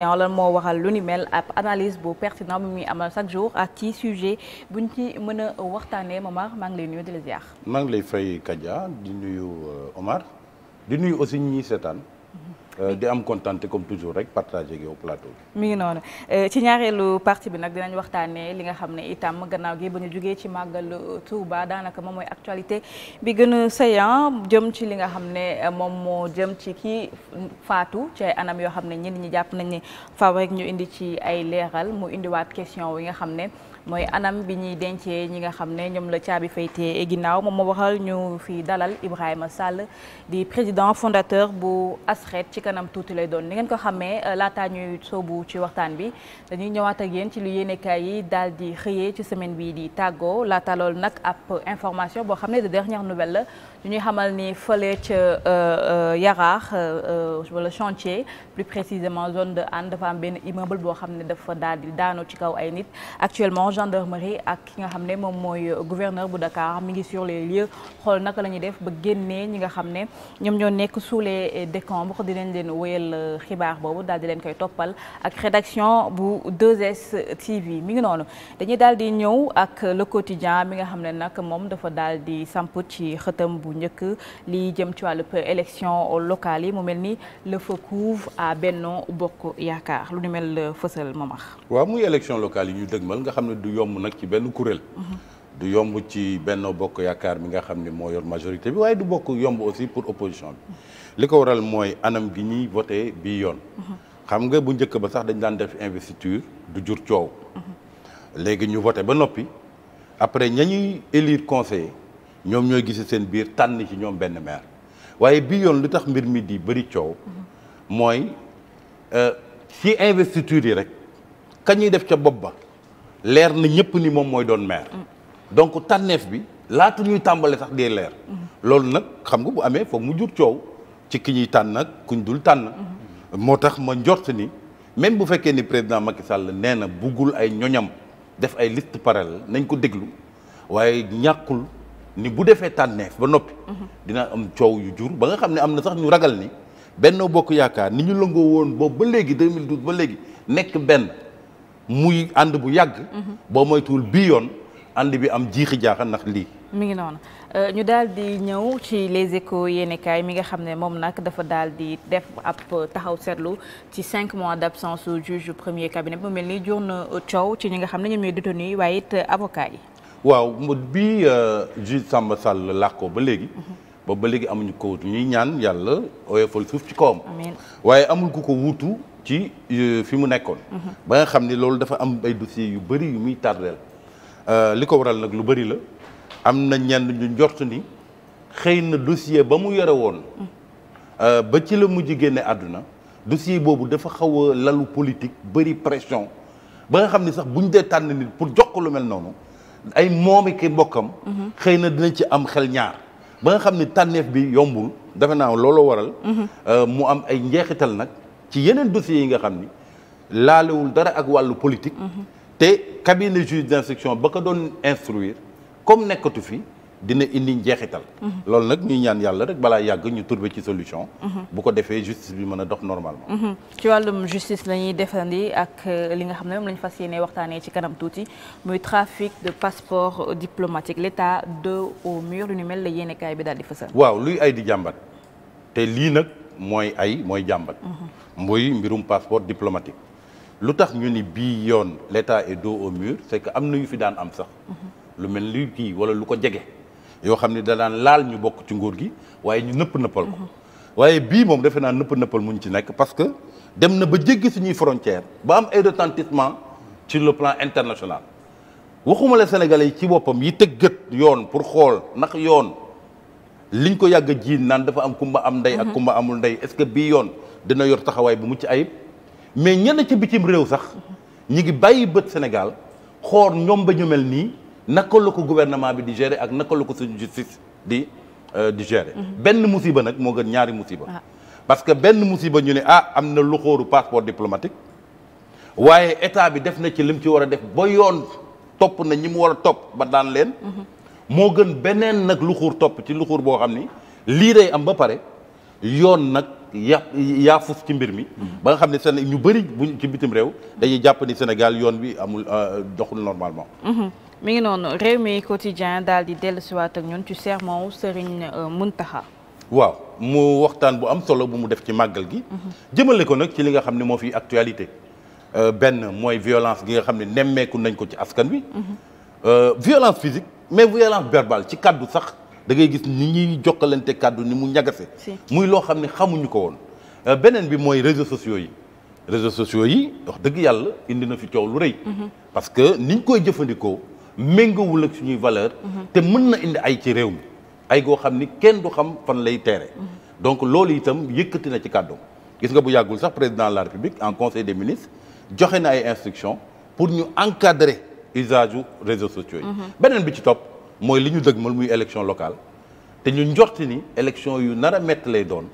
lan moo waxal lu ni mel ab analyse bu pertinent bu muy amal chaque jour ak ci sujet buñ ci mën a waxtaanee Momar maa ngi lay nuyu di la maa ngi lay fay Kadia di nuyu euh, Omar di nuyu aussi ñi seetaan. Euh, di am kontaan comme toujours rek partagé ak yow plateau bi. mi ngi noonu euh, ci ñaareelu parti bi nag dinañ waxtaanee li nga xam ne itam gannaaw gi ba ñu jugee ci màggal Touba daanaka moom mooy actualité bi gën a saillant jëm ci li nga xam ne euh, moom moo jëm ci ki faatu ci ay anam yoo xam ne ñenn ñi jàpp nañ ne faaw rek ñu indi ci ay leeral mu indiwaat question yi nga xam ne. mooy anam bi ñuy dencee ñi nga xam ne ñoom la caabi te ginnaaw moom moo waxal ñu fi dalal Ibrahima Sall di kanam tuuti lay doon ni ngeen ko xamee euh, laataa ñuy soobu ci waxtaan bi dañuy ñëwaat ak yéen ci lu yéenekaay yi daal di xëyee ci semaine bii di tàggoo laata lool nag ab information boo xam ne de dernière nouvelle la ñu ñuy xamal ni fële ca euh, euh, Yaraax wala chantier plus précisément zone de Hann dafa am benn immeuble boo xam ne dafa daal di daanu ci kaw ay nit actuellement gendarmerie ak ki nga xam ne moom mooy gouverneur bu Dakar mi ngi sur les lieux xool naka la ñuy def ba génnee ñi leen wéyal euh, xibaar boobu daal di leen koy toppal ak rédaction bu 2S TV mi ngi noonu dañuy daal di ñëw ak le quotidien mi nga xam ne nag moom dafa daal di samp ci xëtam bu njëkk li jëm ci wàllu élection locale yi mu mel ni le feu couvre à Benno Bokk Yaakaar lu ni mel euh, fësal mamax waaw muy élection local yi ñu dëgmal nga xam ne du yomb nag ci benn kuréel mhm. du yomb ci Benno Bokk Yaakaar mi nga xam ne moo yoon majorité bi waaye du bokk yomb aussi pour opposition bi li ko waral mooy anam gi ñuy voté bii yoon xam nga bu njëkk ba sax dañ daan def investiture du jur coow léegi ñu voté ba noppi après ña ñuy élire conseiller ñoom ñooy gise seen biir tànn ci ñoom benn maire waaye bii yoon lu tax mbir mi di bëri coow mooy euh, ci investiture yi rek ka ñuy def ca bopp ba leer na ñëpp ni moom mooy doon maire donc tànneef bi laata ñuy tàmbale sax dee leer. loolu nag xam nga bu amee foog mu jur coow ci ki ñuy tànn ak kuñ dul tànn. moo tax ma njort ni même bu fekkee ni président Macky Sall nee na buggul ay ñoñam def ay list parel nañ ko déglu waaye ñàkkul ni bu defee tànneef ba noppi. dinaa am coow yu jur ba nga xam ne am na sax ñu ragal ni Benno Bokk Yaakaar ni ñu lëngoo woon boobu ba léegi 2012 ba léegi nekk benn muy ànd bu yàgg. Mhm. boo moytuwul bii yoon. and bi am jiixi jaaxa ndax lii. mi ngi noonu euh, ñu daal di ñëw ci les échos yéenekaay mi nga xam ne moom nag dafa daal di def ab taxaw seetlu ci cinq mois d' absence au juge premier cabinet mu mel ni jur na coow ci ñi nga xam ne ñoom ñooy détenu yi waaye it avocat yi. waaw bi euh, juge Samba Sall làqoo ba léegi. Mhm. ba ba léegi amuñu ko wutu ñuy ñaan yàlla oyofal suuf ci kawam. amiin waaye amul ku ko wutu ci euh, fi mu nekkoon. Mhm. ba nga xam ni loolu dafa am ay dossiers yu bëri yu muy tardeel Euh, li ko waral nag lu bëri la am na ñenn lu njort ni xëy na dossier ba mu yore woon euh, ba ci la mujj génne àdduna dossier boobu dafa xaw a lalu politique bëri pression ba nga xam ni sax buñ dee tànn nit pour jox ko lu mel noonu ay moomi ki mbokkam mhm. xëy na dina ci am xel ñaar ba nga xam ni tànneef bi yombul defe naa looloo waral mhm. euh, mu am ay njeexital nag ci yeneen dossiers yi nga xam ni laalewul dara ak wàllu politique mhm. te cabinet juge d'instruction ba ko doon instruire comme nekkatu fi dina indi njeexital. Mhm. loolu nag ñuy ñaan yàlla rek balaa yàgg ñu trouver ci solution. Mhm. bu ko defee justice bi mën a dox normalement. Mhm. ci wàllum justice la ñuy defandi ak euh, li nga xam ne moom la ñu fas yéene waxtaanee ci kanam tuuti muy trafic de passeport diplomatique l'état dos au mur lu ni mel la yéenekaay bi daal di fësal. waaw luy ay di jàmbat te lii nag mooy ay mooy jàmbat. muy mbirum passeport diplomatique. lu tax ñu ni bii yoon l'état est dos au mur c'est que am na yu fi daan am sax mhm. lu mel ni kii wala lu ko jege yoo xam ne da daan laal ñu bokk ci nguur gi waaye ñu nëpp nëppal ko mhm. waaye bii moom defe naa nëpp nëppal mu ñu ci nekk parce que dem na ba si ñuy frontière ba am ay retentissement ci le plan international waxuma la sénégalais yi ci boppam yi tëggat yoon pour xool ndax yoon liñ ko yàgg a jiin naan dafa am kumba am ndey ak mhm. kumba amul ndey est-ce que bii yoon dina yor taxawaay bu mucc ayib mais ñenn ca bitim réew sax ñi ngi bàyyi bët Sénégal xool ñoom ba ñu mel nii naka lu ko gouvernement bi di gérer ak naka la ko suñu justice di euh, di gérer. Mhm. benn musiba nag moo gën ñaari musiba. Ah. parce que benn musiba ñu ne ah am na lu xóoru passeport diplomatique waaye état bi def na ci lim ci war a def ba yoon topp na ñi mu war a topp ba daan leen. Mhm. moo gën beneen nag lu xuur topp ci lu xóor boo xam ni lii day am ba pare yoon nag. ya yaafus ci mbir mi hmm. ba nga xam ne seen ñu bëri buñ ci bitim réew dañuy jàpp ni Sénégal yoon bi amul euh, doxul normalement mi ngi noonu réew mi quotidien daal di dellusiwaat ak ñun ci sermon wu Serigne euh, Mountakha waaw mu waxtaan bu am solo bu mu def ci màggal gi jëmale ko nag ci li nga xam ne moo fi actualité euh, benn mooy violence gi nga xam ne nemmeeku nañ ko ci askan wi violence physique mais violence verbale ci kàddu sax da ngay gis ni ñuy jokkalante kàddu ni mu ñagase muy loo xam ne xamuñu ko woon euh, beneen bi mooy réseaux sociaux yi réseaux sociaux yi wax dëgg yàlla indi na fi coow lu rëy mm-hmm. parce que niñ koy jëfandikoo méngoowul ak suñuy valeur mm-hmm. te mën na indi ay ci réew mi ay goo xam ni kenn du xam fan lay teere mm-hmm. donc loolu itam yëkkati na ci kàddu gis nga bu yàggul sax président de la république en conseil des ministres joxe na ay instructions pour ñu encadrer usage u réseaux sociaux yi bi ci topp mooy li ñu dëgmal muy élection locale te ñu njorti ni élection yu nara a lay doon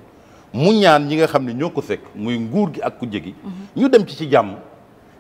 mu ñaan ñi nga xam ne ñoo ko fekk muy nguur gi ak ku jegi mhm. ñu dem ci ci jàmm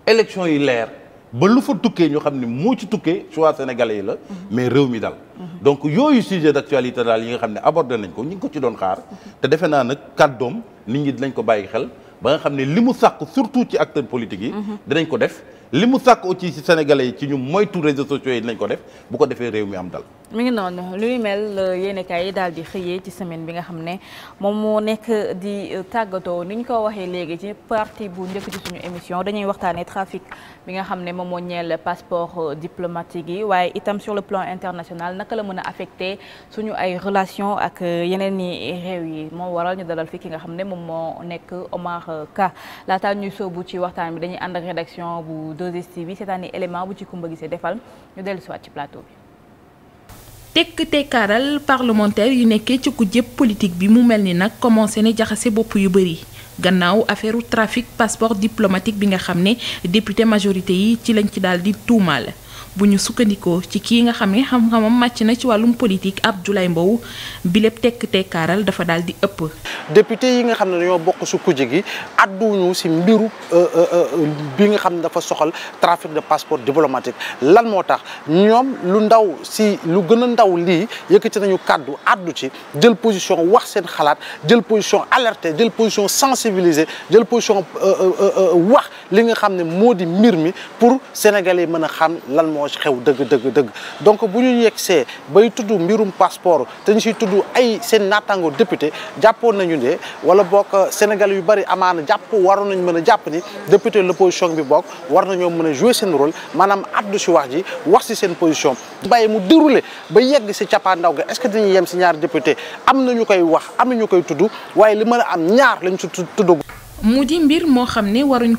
élection yi leer ba lu fa tukkee ñu xam ne moo ci tukkee choix sénégalais yi la mhm. mais réew mi dal mhm. donc yooyu sujet d'actualité daal yi nga xam ne abordé nañ ko ñu ngi ko ci doon xaar te defe naa nag doom nit ñi dinañ ko bàyyi xel ba nga xam ne li mu sàkk surtout ci acteurs politiques yi dinañ ko def li mu sàkk aussi ci sénégalais yi ci ñu moytu réseaux sociaux yi nañ ko def bu ko defee réew mi am dal. mi ngi noonu lu ñu mel euh, yéenekaay yi daal di xëyee ci semaine bi nga xam ne moom moo nekk di euh, tàggatoo ni ñu ko waxee léegi ci partie bu njëkk ci suñu émission dañuy waxtaanee trafic bi nga xam ne moom moo ñeel passeport euh, diplomatique yi waaye itam sur le plan international naka la mën a affecté suñu ay relation ak yeneen i réew yi moo waral ñu dalal ki nga xam ne moom moo nekk Omar Ka laataa ñuy sóobu ci waxtaan bi dañuy ànd ak rédaction bu. 2STV seetaani élément bu ci kumba gisee defal ñu dellu si waat ci plateau bi. tekk tekkaaral parlementaire yu nekkee ci ku jëpp politique bi mu mel ni nag commencé na jaxase bopp yu bëri. gannaaw affaireu trafic passeport diplomatique bi nga xam ne député majorité yi ci lañ ci daal di tuumaal bu ñu sukkandikoo ci kii nga xam ni xam-xamam màcc na ci wàllum politique Abdoulaye Mbow bi lépp tekk tekkaaral dafa daal di ëpp. député yi nga xam ne dañoo bokk su kujje gi àdduñu si mbiru euh, euh, euh, bi nga xam ne dafa soxal trafic de passeport diplomatique lan moo tax ñoom lu ndaw si lu gën a ndaw lii yëkkati nañu kàddu àddu ci jël position wax seen xalaat jël position alerté jël position sensibilisé jël position wax li nga xam ne moo di mbir mi pour sénégalais mën lan moo xew dëgg dëgg dëgg donc bu ñu yegsee bay tudd mbirum passeport te ñu siy tudd ay seen naataango député jàppoon nañu ne wala bokk Sénégal yu bari amaana jàpp waroon nañ mën a jàpp ni député l'opposition bi bokk war nañoo mën a jouer seen rôle maanaam addu si wax ji wax si seen position bàyyi mu déroulé ba yegg si cappaandaw ga est-ce que dañuy yem si ñaar député am nañu koy wax am nañu koy tudd waaye li mën a am ñaar lañ si tudd mu di mbir moo xam ne waruñ